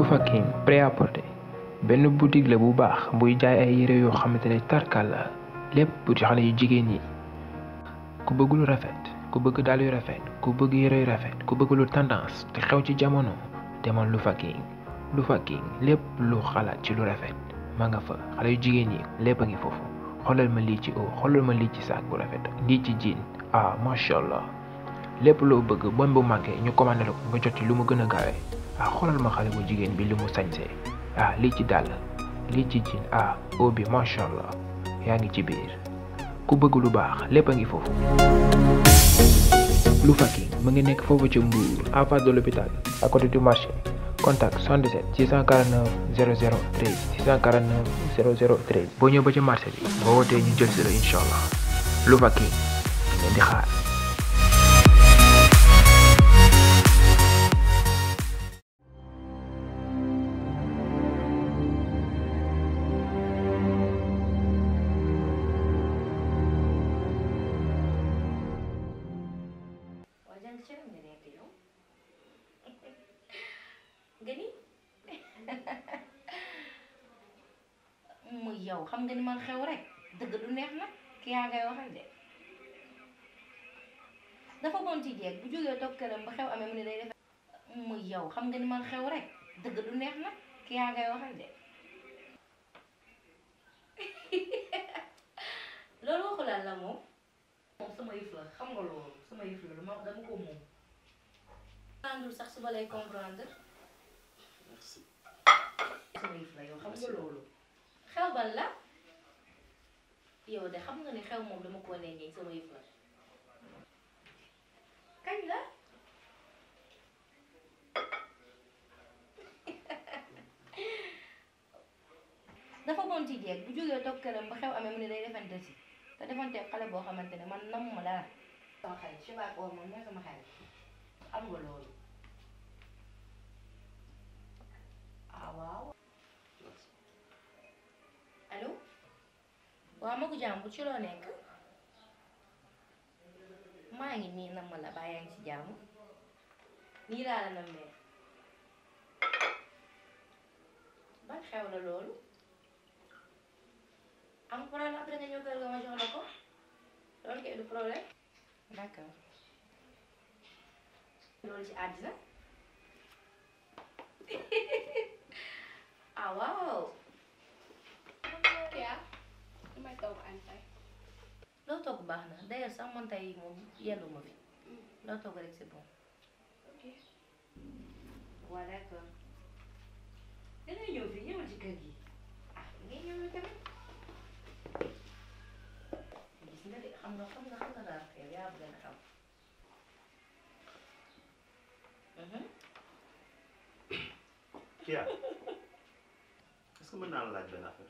Blue Fakim prêt-à-porter benn boutique la bu baax buy jaay ay yére yoo xamante ne tarkal la lépp pour xale yu jigéen ñi ku bëgg lu rafet ku bëgg dàll yu rafet ku bëgg yére yu rafet ku bëgg lu tendance te xew ci jamono demal Blue Fakim Blue Fakim lépp lu xalaat ci lu rafet ma nga fa xale yu jigéen ñi lépp a ngi foofu xoolal ma lii ci oo xoolal ma lii ci saak bu rafet lii ci jiin ah macha allah lépp loo bëgg bon bu manqué ñu commandé la ko nga jot ci lu mu gën a gaawee. ah xoolal ma xale bu jigéen bi li mu sañsee ah lii ci dàll lii ci jin ah oo bi macha allah yaa ngi ci biir ku bëgg lu baax lépp a ngi foofu. lu fakki mu ngi nekk foofu ci Mbour en face de l'hôpital à côté du marché contact 77 649 00 13 649 00 boo ñëw ba ci marché bi boo wootee ñu jël si la incha lu fakki leen di xaar. yow xam nga ni man xew rek dëgg du neex nag ki yaa ngay waxal de dafa bon ci jeeg bu jógee toog këram ba xew amee mu ne day def mu yow xam nga ni man xew rek dëgg du neex na ki yaa ngay waxal de loolu waxulaan la moom sama yëf la xam nga loolu sax suba lay comprendre merci sama yëf la yow xam nga loolu xew bal la yow de xam nga ni xew moom dama koo nee ñeñ sama yëf la kañ la dafa moom ci jeeg bu jógee toog këram ba xew amee mu ne day defante si te defante xale boo xamante ne man namu ma dara sama xarit subaak oo moom mooy sama xarit am nga loolu ah, waaw allo waaw magu jàmm bu nekk maa ngi nii nam ma la ngi ci jàmm nii laa la nammee ban xew la loolu am problème après nga ñëw kër ga ma jox la ko loolu kay du problème d'accord loolu ci àddina ah togg añ tey loo togg baax na d'ailleurs sax man tey moom yellu ma fi mm. loo togg rek c'est bon ok waa d'accord dangay ñëw fii ñëwal ci kër gi ah ngay ñëw tamit gis nga de xam nga xam nga xam nga daal xew yaa bëgg na xam mhm. Kya est-ce que mën naa la laaj benn affaire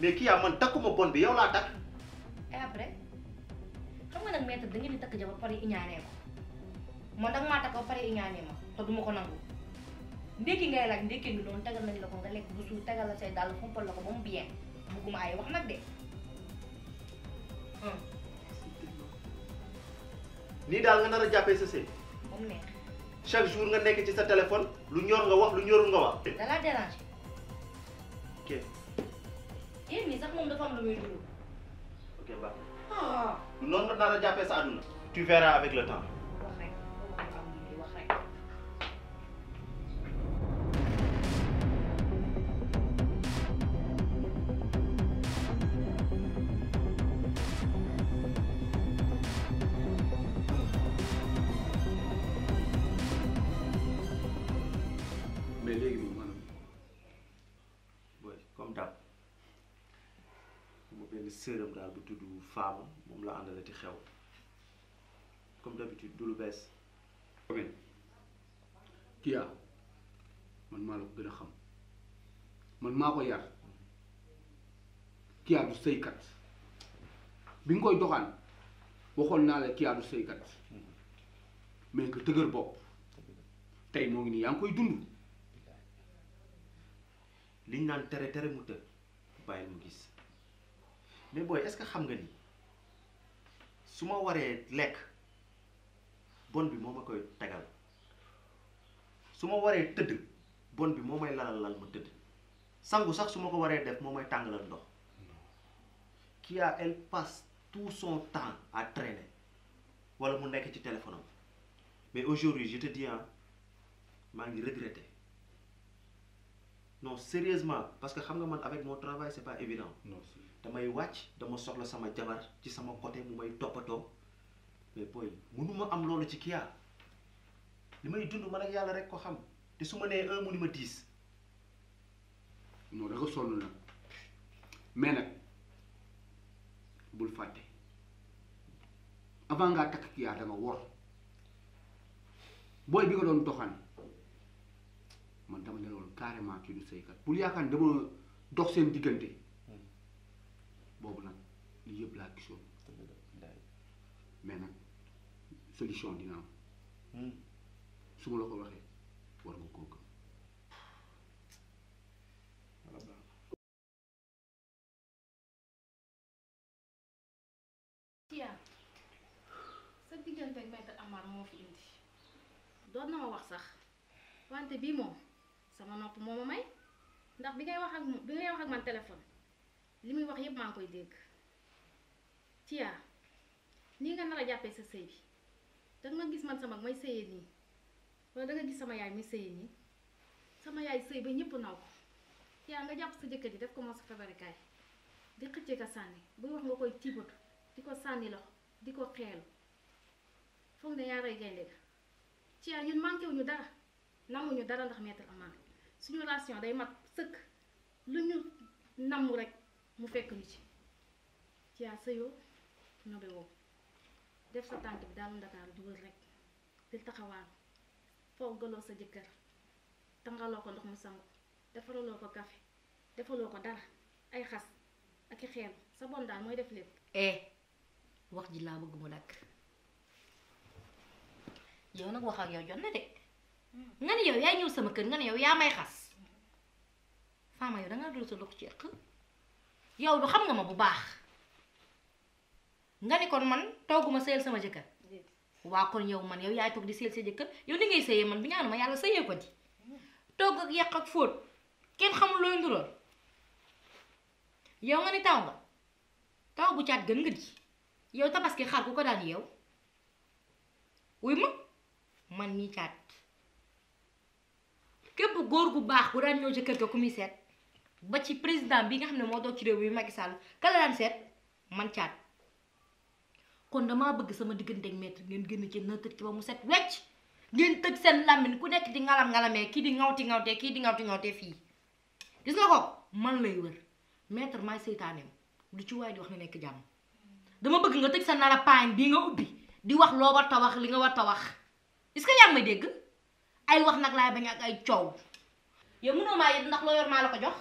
mais kii yaa man takkuma bon bi yow laa takk. et eh, après xam nga nag maître da ngeen takk jabar pare iñaanee ko man danga maa takk ba pare iñaanee ma te duma ko nangu ndékki ngay laaj ndékki bi noonu tagal nañ la ko nga lekk bu suur tagal la say dàll fompal la ko ba mu bien bugguma ay wax nag de. nii daal nga nar a jàppee sa sëy. ba mu neex. chaque jour nga nekk ci sa téléphone lu ñor nga wax lu ñorul nga wax. da laa déranger. yéen ñi sax moom dafa am lu muy dund. ok baax na. ah. noonu nga nar a jàppee sa àdduna. tu verras avec le temps. sëram daal bu tudd Fama moom la àndalati xew comme d'habitude du lu bees. Combien Kia man maa la ko gën a xam man maa ko yar Kia du sëykat bi nga koy doxaan waxoon naa la Kia du sëykat mais nga bopp tey moo ngi nii yaa ngi koy dund. liñ naan tere tere mu të bàyyi mu gis. mais booy est-ce que xam nga ni suma waré lek bonne bon bi moma koy tegal suma waré teud bonne bon bi momay may lalal lal ma teud sangu sax suma ko waré def momay may tàngalal ndox Qui a elle passe tout son temps à traîner wala mu nek ci téléphone mais aujourd'hui je te dis hein, maa ngi non sérieusement parce que xam nga man avec mon travail c'est pas évident. non damay wàcc dama soxla sama jabar ci sama côté mu may toppatoo mais booy mënuma am loolu ci Kia li may dund man ak yàlla rek ko xam te su ma nee un mu ni ma dix. non da nga sonn nag mais nag bul fàtte avant ngaa takk Kia da wor booy bi nga doon doxaan man dama ne loolu carrément kii du sëykat bul yaakaar dama dox seen diggante. boobu nag hmm. sa diggante ak maître moo fi indi doon na ma wax sax wante bii moom sama nopp moo ma may ndax bi ngay wax ak bi man téléphone. li muy wax yëpp maa ngi koy dégg Tia nii nga nar jàppee sa sëy bi danga ma gis man sama may sëyee nii wala danga gis sama yaay muy sëyee nii sama yaay sëy ba ñëpp naw ko Tia nga jàpp sa jëkkër yi daf ko commencé fabarikaay di xëcce ka sànni buy wax nga koy tiibatu di ko sànni loxo di ko xeelu foog ne yaa rey gaynde ga Tia ñun manqué wuñu dara namuñu dara ndax Maître Amar suñu relation day mat sëkk lu ñu namm rek. mu fekk lu ci Thia sëyoo nobe def sa tànk bi daal ndakaaru di wër rek di taxawaan foo sa jëkkër tangaloo ko ndox mu sangu defaraloo ko kafe defaloo ko dara ay xas ak i xeelu sa bon daal mooy def lépp eh wax ji laa bëgg mu dakk yow nag wax ak yow jot na de hmm. nga ne yow yaay ñëw sama kër nga ne yow yaa may xas faama yow dangaa dul sa lox ci ëq yow du xam nga ma bu baax nga ni kon man togguma sëyal sama jëkkër waa kon yow man yow yaay toog di sëyal sa jëkkër yow ni ngay sëyee man bi ñaanu ma yàlla sëyee ko di togg ak yàq ak fóot kenn xamul looy ndurool yow nga ni taw nga taw bu caat gën nga di yow tabaski xar ku ko daan yow wuy ma man mii caat képp góor gu baax bu daan ñëw jëkkër kër ku muy seet ba ci président bi nga xam mo do ci rew mi Macky Sall kala daan seet man caat kon dama bëgg sama digënté ak maître ngeen gën ci na ci ba mu set wécc ngeen tëj sen lamine ku nekk di ngalam ngalamé ki di ngawti ngawté ki di ngawti ngawté fi gis nga ko man lay wër maître may sétané du ci way di wax na nekk jamm dama bëgg nga tëj sa nara pain bi nga ubbi di wax lo war ta wax li nga war ta wax est ce que may dégg ay wax nak lay bañ ak ay ciow yow mënuma yit ndax yor ma la ko jox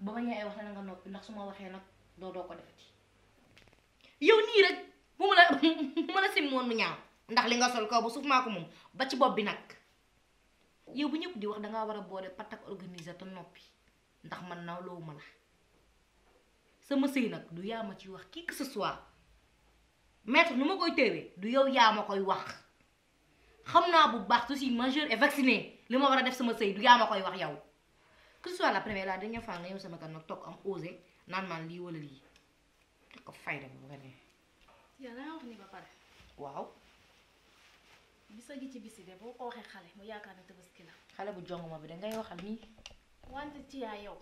ba ma ñëwee ay wax na nga noppi ndax su ma waxee nag doo doo ko defati yow nii rek mu ma la sim woon mu ñaaw ndax li nga sol kaw ba suuf maa ko moom ba ci bopp bi nag yow bu ñëpp di wax dangaa war a boole pat ak organiser te noppi ndax man naw loowu ma la sama sëy nag du yaa ma ci wax kii que ce soit maître nu ma koy téewee du yow yaa ma koy wax xam naa bu baax su si majeur et vacciné li ma war a def sama sëy du yaa ma koy wax yow que ce soit la première la dernière sama kan nag am osé nan maan lii wala lii ko fayda bu nga nee yow da wax ni ba pare waaw bisa gi ci bisi de boo ko waxee xale mu yaakaar ne tabaski la xale bu jongoma bi da ngay waxal nii wante ci yaa yow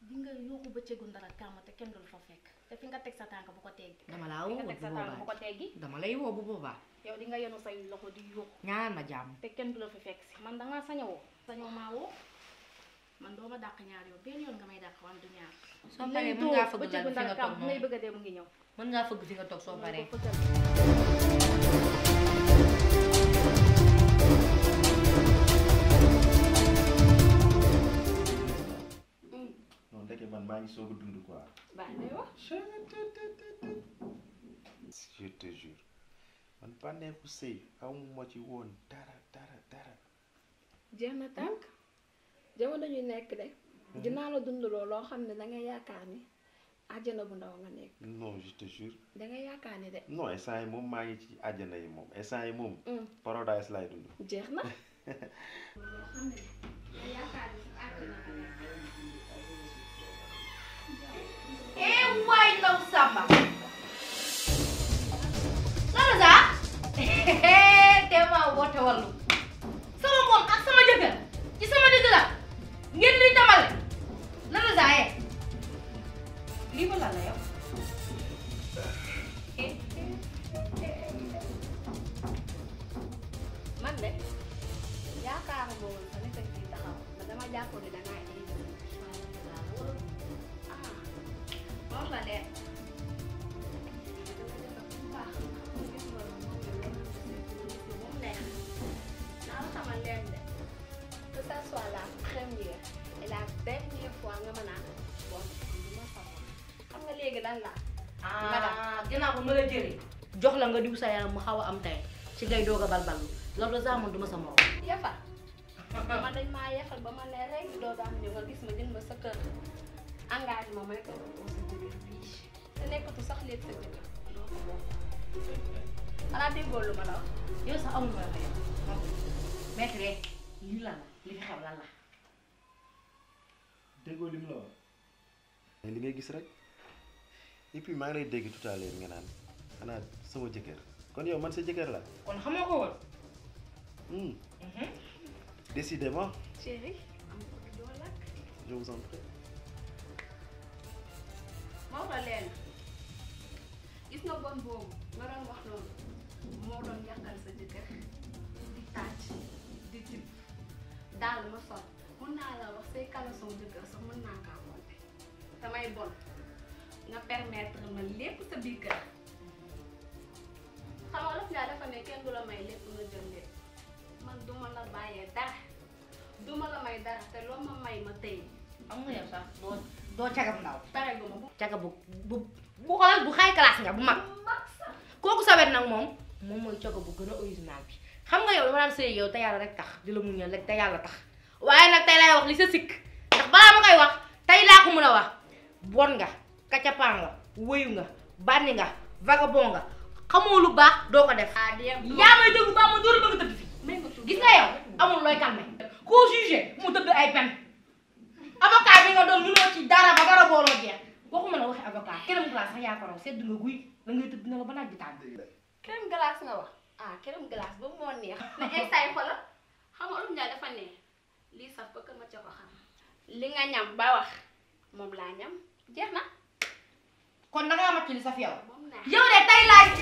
di nga yóbbu bëccëgu ndara kàmm te kenn du la fa fekk te fi nga teg sa tànk bu ko teggi dama laa woo bu boobaa bu ko teggi dama lay woo bu yow di nga yenu say loxo di ñaan ma te kenn fa man da man doo ma dàq ñaar yoon benn yoon nga may dàq wante du soo paree nga toog noonu may bëgg a dee mu ngi ñëw. mën ngaa soo mm. man maa ngi soog a dund quoi. baax na yow. je te jure man ma ci woon dara dara dara. jeex na tànk. jamono ñu nekk de. Mhm. dinaa la dundaloo loo xam ne da ngay yaakaar ni àjjana bu ndaw nga nekk. non je te jure. yaakaar ni de. non instant yi moom maa ngi ci àjjana yi moom instant yi moom. Mm. paradise laay dund. Eh, ndaw Samba. lan la sax. te maa sama moom ak sama jëkkër ci sama digg la. yéen luy tamal lan la zaaye lii ko lan la yow. man de yaakaaruma woon sa nekk ci taxaw dama jàppoon ne danaa lan la nga dam ginnaaw ba jox la nga diw yaram mu xaw am tey ci ngay doog a balbal loolu la sax man du ma sa morom yefal man dañ maa yefal ba ma ne rek doo am ñëw nga gis ma jënd ma sa kër engagement ma te nekkatu sax sa lu ma la wax yow sax amul ma maître li la li fi lan la et puis maa ngi lay dégg tout à l'heure nga naan xanaa sama jëkkër kon yow man sa jëkkër la. kon xamoo ko woon. Hmm. Mhm. décidément. chérie. je vous en prie. ma wax la leen gis nga bon boobu nga doon wax loolu moo doon yàqal sa jëkkër di tàcc di tibb daal ma sol mën naa la wax say kala sama jëkkër sax mën naa kaa compter damay bon. nga permettre ma lepp sa biir kër xam olof ndaa dafa ne kenn du la may lepp nga jël lepp man duma la bàyyee dara duma la may dara te lo ma may ma tey am nga sax do doo cagam ndaw pareguma bu caga bu bu bu xoolal bu xay classe nga bu mag koku sa wet nag mom moom mooy caga bu gëna original bi xam nga yow dama nan sey yow tayalla rek tax dila mu ñëw rek tayalla tax waye nak tay lay wax li sa sik ndax bala ma koy wax tay la ko mëna wax bon nga kacapaan nga wéyu nga bànni nga vagabond nga xamoo lu bax do ko def. ya may deug ba ma dóor bëgg tëdd fi gis nga yow amul loy calmé ko juger mu tëdd ay pen avocat bi nga do doon lo ci dara ba dara bolo jeex waxuma ne wax avocat kërëm glace sax ya ko raw sedd nga guuy la ngay tëdd na la bana naaj kërëm tàng. glace nga wax ah kërëm glace bu mo neex. na instant yi xoolal xam nga Olof Ndiaye dafa neex li saf ko ko ma ci ko xam li nga ñam ba wax mom la ñam jeex na. kon na ngaa màcc li saf yow yow de tey laaj